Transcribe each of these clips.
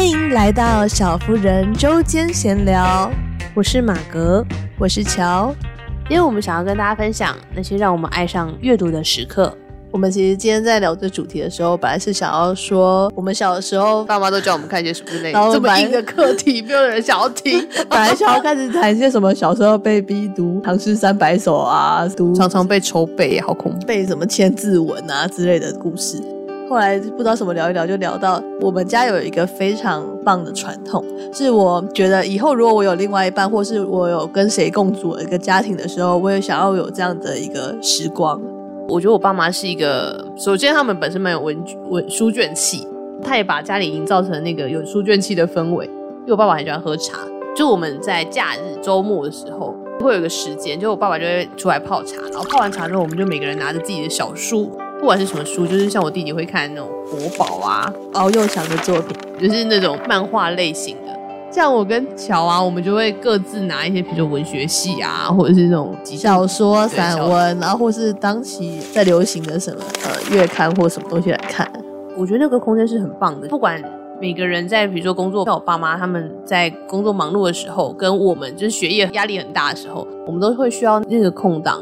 歡迎來到小夫人週間閒聊，我是馬格，我是喬。因為我們想要跟大家分享那些讓我們愛上閱讀的時刻。我們其實今天在聊這主題的時候，本來是想要說我們小的時候，爸媽都叫我們看一些什麼之類。這麼硬的課題， 沒有人想要聽。本來想要開始談一些什麼小時候被逼讀《唐詩三百首》啊，讀常常被抽背好恐怖，背什麼千字文啊之類的故事。後來不知道怎麼聊一聊，就聊到我們家有一個非常棒的傳統，是我覺得以後如果我有另外一半，或是我有跟誰共組一個家庭的時候，我也想要有這樣的一個時光。我覺得我爸媽是一個，首先他們本身蠻有文文書卷氣，他也把家裡營造成那個有書卷氣的氛圍。因為我爸爸很喜歡喝茶，就我們在假日周末的時候會有個時間，就我爸爸就會出來泡茶，然後泡完茶之後，我們就每個人拿着自己的小書。不管是什麼書，就是像我弟弟會看的那種活寶啊、敖幼祥的作品，就是那種漫畫類型的。像我跟喬啊，我們就會各自拿一些，比如說文學系啊，或者是那種小說、對散文，然後或是當期在流行的什麼，呃，月刊或什麼東西來看。 我覺得那個空間是很棒的。不管每個人在比如說工作，像我爸媽他們在工作忙碌的時候，跟我們就是學業壓力很大的時候，我們都會需要那個空檔，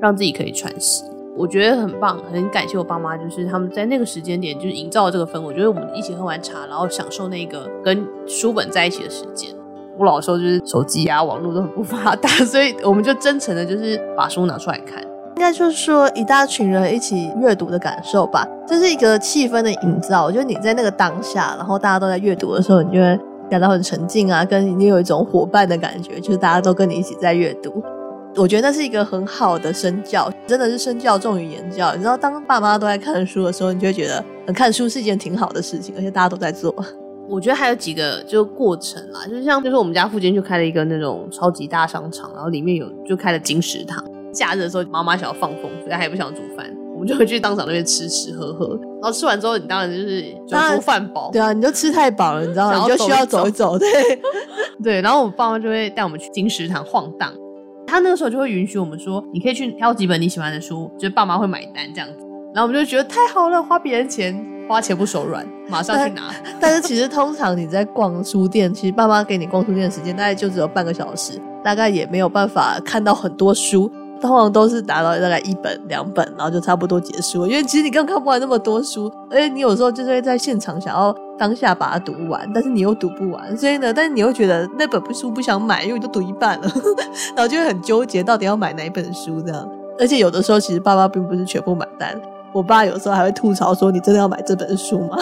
讓自己可以喘息。我覺得很棒，很感謝我爸媽，就是他們在那個時間點，就是營造這個氛圍。我覺得我們一起喝完茶，然後享受那個跟書本在一起的時間。我老的時候就是手機呀、啊、網絡都很不發達，所以我們就真誠的，就是把書拿出來看。應該就是說一大群人一起閱讀的感受吧，這、就是一個氣氛的營造。我覺得你在那個當下，然後大家都在閱讀的時候，你就會感到很沉靜啊，跟你有一種夥伴的感覺，就是大家都跟你一起在閱讀。我覺得那是一個很好的身教，真的是身教重於言教。你知道，當爸媽都在看書的時候，你就會覺得看書是一件挺好的事情，而且大家都在做。我覺得還有幾個就是過程啦，就是像就是我們家附近就開了一個那種超級大商場，然後裡面有就開了金石堂。假日的時候，媽媽想要放風，所以還不想煮飯，我們就會去商場那邊吃吃喝喝。然後吃完之後，你當然就是酒足飯飽。對啊，你就吃太飽了，你知道、啊，然後你就需要走一走。對對，然後我爸媽就會帶我們去金石堂晃蕩。他那個時候就會允許我們說，你可以去挑幾本你喜歡的書，就是爸媽會買單這樣子，然後我們就覺得太好了，花別人錢，花錢不手軟， 馬上去拿。但，但是其實通常你在逛書店，其實爸媽給你逛書店的時間大概就只有半個小時，大概也沒有辦法看到很多書，通常都是達到大概一本兩本，然後就差不多結束了。因為其實你根本看不完那麼多書，而且你有時候就是會在現場想要。當下把它讀完，但是你又讀不完，所以呢，但是你又覺得那本書不想買，因為都讀一半了， 然後就會很糾結到底要買哪本書這樣。而且有的時候其實爸爸並不是全部買單，我爸有時候還會吐槽說：“你真的要買這本書嗎？”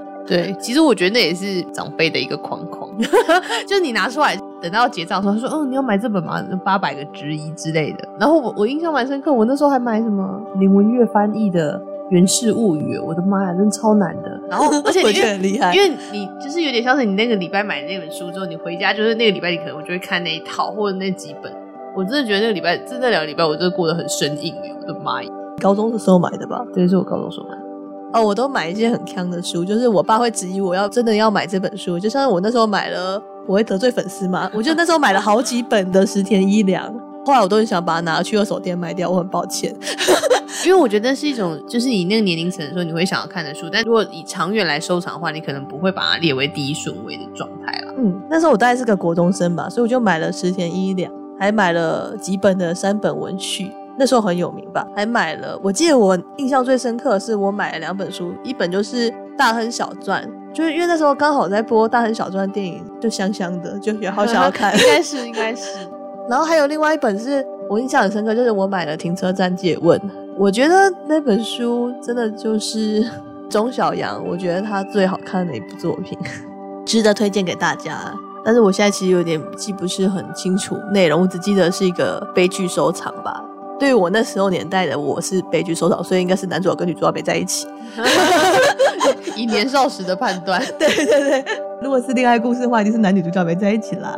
對，其實我覺得那也是長輩的一個框框。 就是你拿出來等到結賬的時候，他說：“嗯，你要買這本嗎？八百個質疑之類的。”然後我我印象蠻深刻，我那時候還買什麼林文月翻譯的。《源氏物語》，我的媽呀，真的超難的。然後，而且 很厲害。因為你就是有點像是你那個禮拜買那本書之後，你回家就是那個禮拜，你可能我就會看那一套或者那幾本。我真的覺得那個禮拜，真的兩個禮拜，我真的過得很生硬。我的媽呀！高中的時候買的吧？對，是我高中時候買的。哦，我都買一些很坑的書，就是我爸會質疑我要真的要買這本書。就像我那時候買了，我會得罪粉絲嗎？我就那時候買了好幾本的石田衣良。後來我都很想把它拿去二手店賣掉，我很抱歉， 因為我覺得那是一種就是你那個年齡層的時候你會想要看的書，但如果以長遠來收藏的話，你可能不會把它列為第一順位的狀態啦。嗯，那時候我大概是個國中生吧，所以我就買了石田衣良，還買了幾本的山本文緒，那時候很有名吧，還買了。我記得我印象最深刻的是我買了兩本書，一本就是《大亨小傳》，就是因為那時候剛好在播《大亨小傳》電影，就香香的，就也好想要看，應該是應該是。 然後還有另外一本是我印象很深刻，就是我買了《停車暫借問》，我覺得那本書真的就是鍾曉陽，我覺得他最好看的一部作品，值得推薦給大家。但是我現在其實有點記不是很清楚內容，我只記得是一個悲劇收場吧。對於我那時候年代的，我是悲劇收場，所以應該是男主角跟女主角沒在一起。以 年少時的判斷， 對對對，如果是戀愛故事的話，就是男女主角沒在一起啦。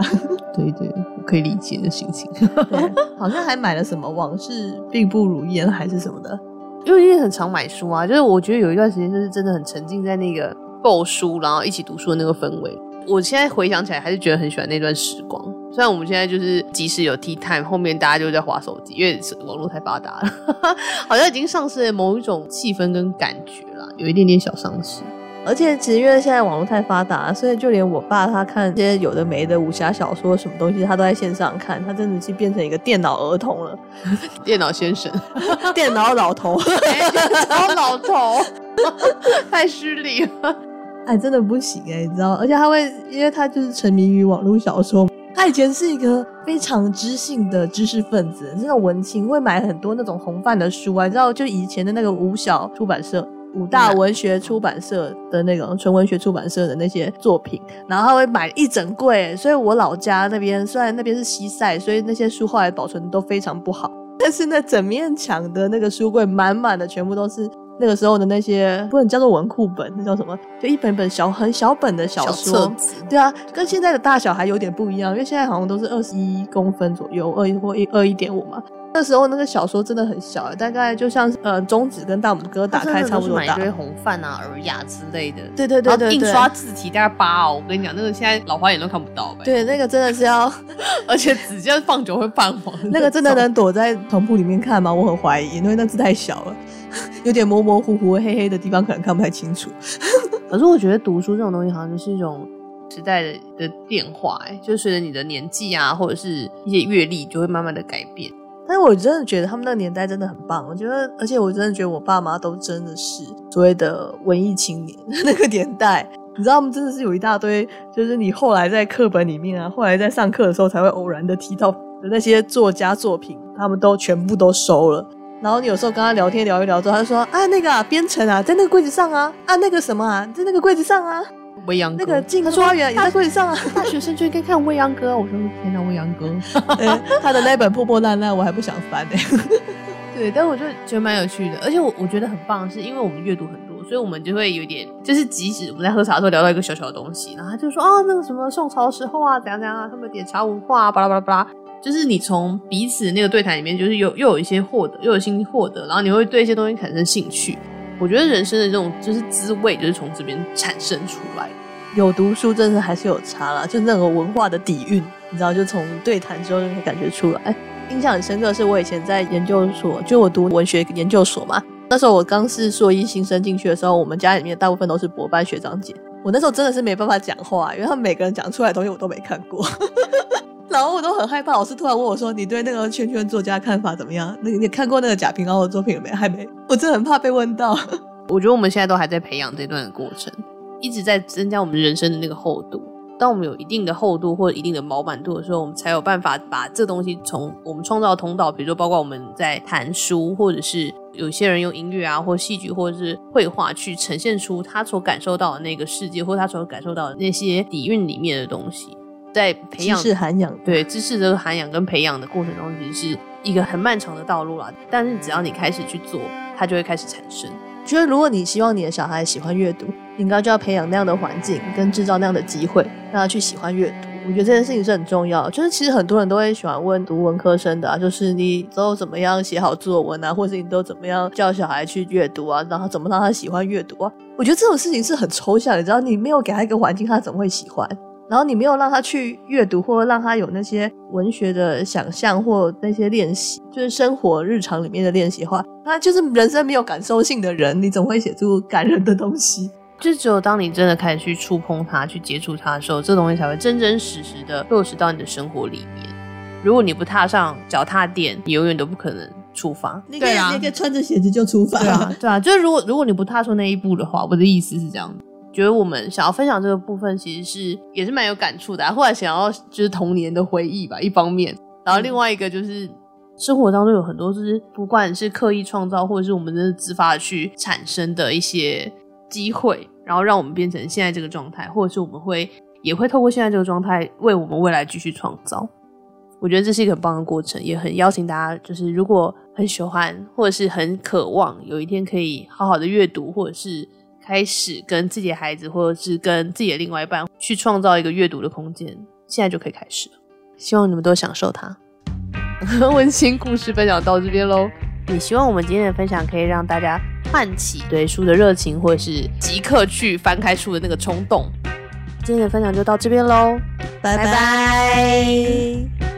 對對，我可以理解的心情。 好像還買了什麼《往事並不如煙》還是什麼的，因為因為很常買書啊。就是我覺得有一段時間，就是真的很沉浸在那個購書，然後一起讀書的那個氛圍。我現在回想起來，還是覺得很喜歡那段時光。雖然我們現在就是即使有 tea time，後面大家就在滑手機，因為網絡太發達了， 好像已經喪失了某一種氣氛跟感覺啦，有一點點小喪失。而且，只是因為現在網絡太發達，所以就連我爸他看一些有的沒的武俠小說，什麼東西他都在線上看，他真的是變成一個電腦兒童了，電腦先生 電腦、欸，電腦老頭，電腦老頭，太失禮了，哎，真的不行哎、欸，你知道？而且他會，因為他就是沉迷於網絡小說，他以前是一個非常知性的知識分子，那種文青，會買很多那種洪範的書啊，你知道？就以前的那個五小出版社。五大文學出版社的那種，那個，嗯啊，純文學出版社的那些作品，然後他會買一整櫃，所以我老家那邊雖然那邊是西曬，所以那些書後來保存都非常不好，但是那整面牆的那個書櫃滿滿的，全部都是那個時候的那些不能叫做文庫本，那叫什麼？就一本一本小很小本的小說，小冊子對啊，跟現在的大小還有點不一樣，因為現在好像都是二十一公分左右，二一或二一點五嘛。那時候那個小說真的很小、欸，大概就像是呃中指跟大拇哥打開差不多就是買一堆洪範啊、爾雅之類的，對對,對對對對，印刷字體大概八哦，我跟你講那個現在老花眼都看不到唄。對，那個真的是要， 而且紙張放久會泛黃那。那個真的能躲在床鋪裡面看嗎？我很懷疑，因為那字太小了， 有點模模糊糊、黑黑的地方可能看不太清楚。 可是我覺得讀書這種東西好像就是一種時代的的變化、欸，哎，就隨着你的年紀啊或者是一些閱歷，就會慢慢的改變。但我真的覺得他們那個年代真的很棒，我覺得，而且我真的覺得我爸媽都真的是所謂的文藝青年那個年代，你知道，他們真的是有一大堆，就是你後來在課本裡面啊，後來在上課的時候才會偶然的提到的那些作家作品，他們都全部都收了。然後你有時候跟他聊天聊一聊之後，他說啊，那個啊，編程啊，在那個櫃子上啊，啊，那個什麼啊，在那個櫃子上啊。未央歌，那個進公園大會上啊大大，大學生就應該看未央歌。我說天哪、啊，未央歌、 欸，他的那本破破爛爛，我還不想翻呢、欸。對，但我就覺得蠻有趣的，而且我我覺得很棒的是，因為我們閱讀很多，所以我們就會有點，就是即使我們在喝茶的時候聊到一個小小的東西，然後他就說啊、哦，那個什麼宋朝時候啊，怎樣怎樣啊，他們點茶文化、啊，巴拉巴拉巴拉，就是你從彼此那個對談裡面，就是有又有一些獲得，又有新獲得，然後你會對一些東西產生興趣。我覺得人生的這種就是滋味，就是從這邊產生出來。有讀書，真的還是有差啦，就那種文化的底蘊，你知道，就從對談之後可以感覺出來。印象很深刻的是我以前在研究所，就我讀文學研究所嘛，那時候我剛是碩一新生進去的時候，我們家裡面大部分都是博班學長姐，我那時候真的是沒辦法講話，因為他們每個人講出來的東西我都沒看過。 然後我都很害怕，老師突然問我說：“你對那個圈圈作家看法怎麼樣？那你看過那個賈平凹的作品有沒有？”還沒？我真的很怕被問到。我覺得我們現在都還在培養這段的過程，一直在增加我們人生的那個厚度。當我們有一定的厚度或者一定的飽滿度的時候，我們才有辦法把這東西從我們創造的通道，比如說包括我們在談書，或者是有些人用音樂啊，或戲劇，或者是繪畫去呈現出他所感受到的那個世界，或者他所感受到的那些底蘊裡面的東西。在培養、知識涵養，對知識這個涵養跟培養的過程中，其實是一個很漫長的道路啦。但是只要你開始去做，它就會開始產生。覺得如果你希望你的小孩喜歡閱讀，你應該就要培養那樣的環境，跟製造那樣的機會，讓他去喜歡閱讀。我覺得這件事情是很重要。就是其實很多人都會喜歡問讀文科生的啊，就是你都怎麼樣寫好作文啊，或是你都怎麼樣教小孩去閱讀啊，然後怎麼讓他喜歡閱讀啊？我覺得這種事情是很抽象，你知道，你沒有給他一個環境，他怎麼會喜歡？然後你沒有讓他去閱讀，或者讓他有那些文學的想象，或那些練習，就是生活日常裡面的練習的話，他就是人生沒有感受性的人，你總會寫出感人的東西。就是只有當你真的開始去觸碰它，去接觸它的時候，這東西才會真真實實的落實到你的生活裡面。如果你不踏上腳踏墊，你永遠都不可能出發。對啊，那個你可以穿着鞋子就出發。對啊，對啊，就是如果如果你不踏出那一步的話，我的意思是這樣。我覺得我們想要分享這個部分，其實是也是蠻有感觸的啊。後來想要就是童年的回憶吧，一方面，然後另外一個就是生活當中有很多就是不管是刻意創造，或者是我們真的自發去產生的一些機會，然後讓我們變成現在這個狀態，或者是我們會也會透過現在這個狀態，為我們未來繼續創造。我覺得這是一個很棒的過程，也很邀請大家，就是如果很喜歡或者是很渴望，有一天可以好好的閱讀，或者是。開始跟自己的孩子，或者是跟自己的另外一半，去創造一個閱讀的空間，現在就可以開始了。希望你們都享受它。溫 馨故事分享到這邊嘍，也希望我們今天的分享可以讓大家喚起對書的熱情，或者是即刻去翻開書的那個衝動。今天的分享就到這邊嘍，拜拜 bye。Bye bye